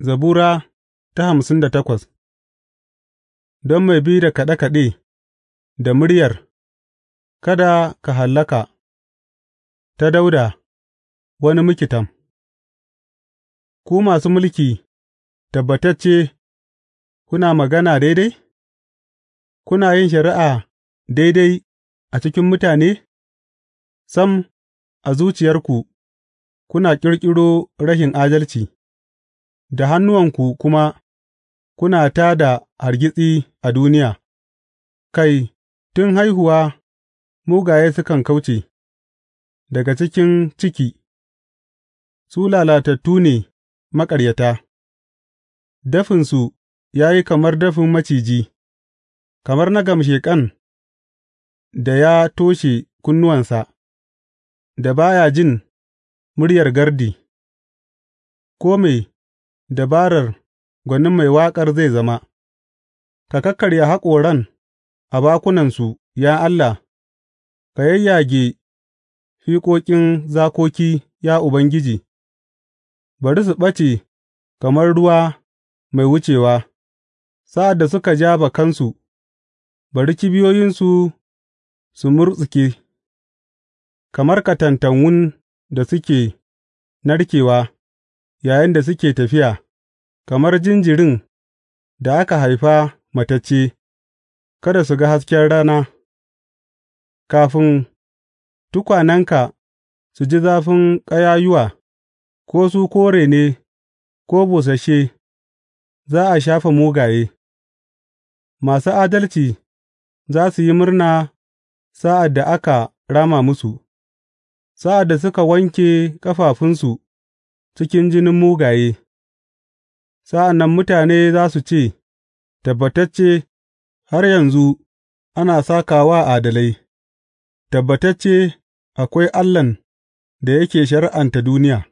Zabura ta hamsin da takwas Don mai bi da kaɗe kaɗe da muryar, Kada ka hallaka, ta Dauda, wani mikitam Ku masu mulki, tabbatacce kuna magana daidai? Kuna yin shari'a daidai a cikin mutane, sam, a zuciyarku kuna ƙirƙiro rashin adalci. da hannuwanku kuma kuna tā da hargitsi a duniya; kai, tun haihuwa mugaye sukan kauce daga cikin ciki, su lalatattu ne maƙaryata, dafinsu ya yi kamar dafin maciji, kamar na gamsheƙan da ya toshe kunnuwansa, da ba ya jin muryar gardi, kome dabarar gwanin mai waƙar zai zama; ka kakkarya haƙoran a bakunansu, ya Allah, ka yayyage fiƙoƙin zakoki, ya Ubangiji, bari su ɓace kamar ruwa mai wucewa sa'ad da suka ja bakansu, bari kibiyoyinsu su murtsuke kamar katantanwun da suke narkewa. yayinda suke tafiya, kamar jinjirin da aka haifa matacce, kada su ga hasken rana, kafin tukwanenka su ji zafin ƙayayuwa, ko su kore ne ko busasshe, za a shafa mugaye, masu adalci za su yi murna sa'ad da aka rama musu, sa'ad da suka wanke ƙafafunsu. cikin jinin mugaye, sa'an nan mutane za su ce, Tabbatacce, har yanzu ana sakawa wa adalai, tabbatacce akwai Allahn da yake shari'anta duniya.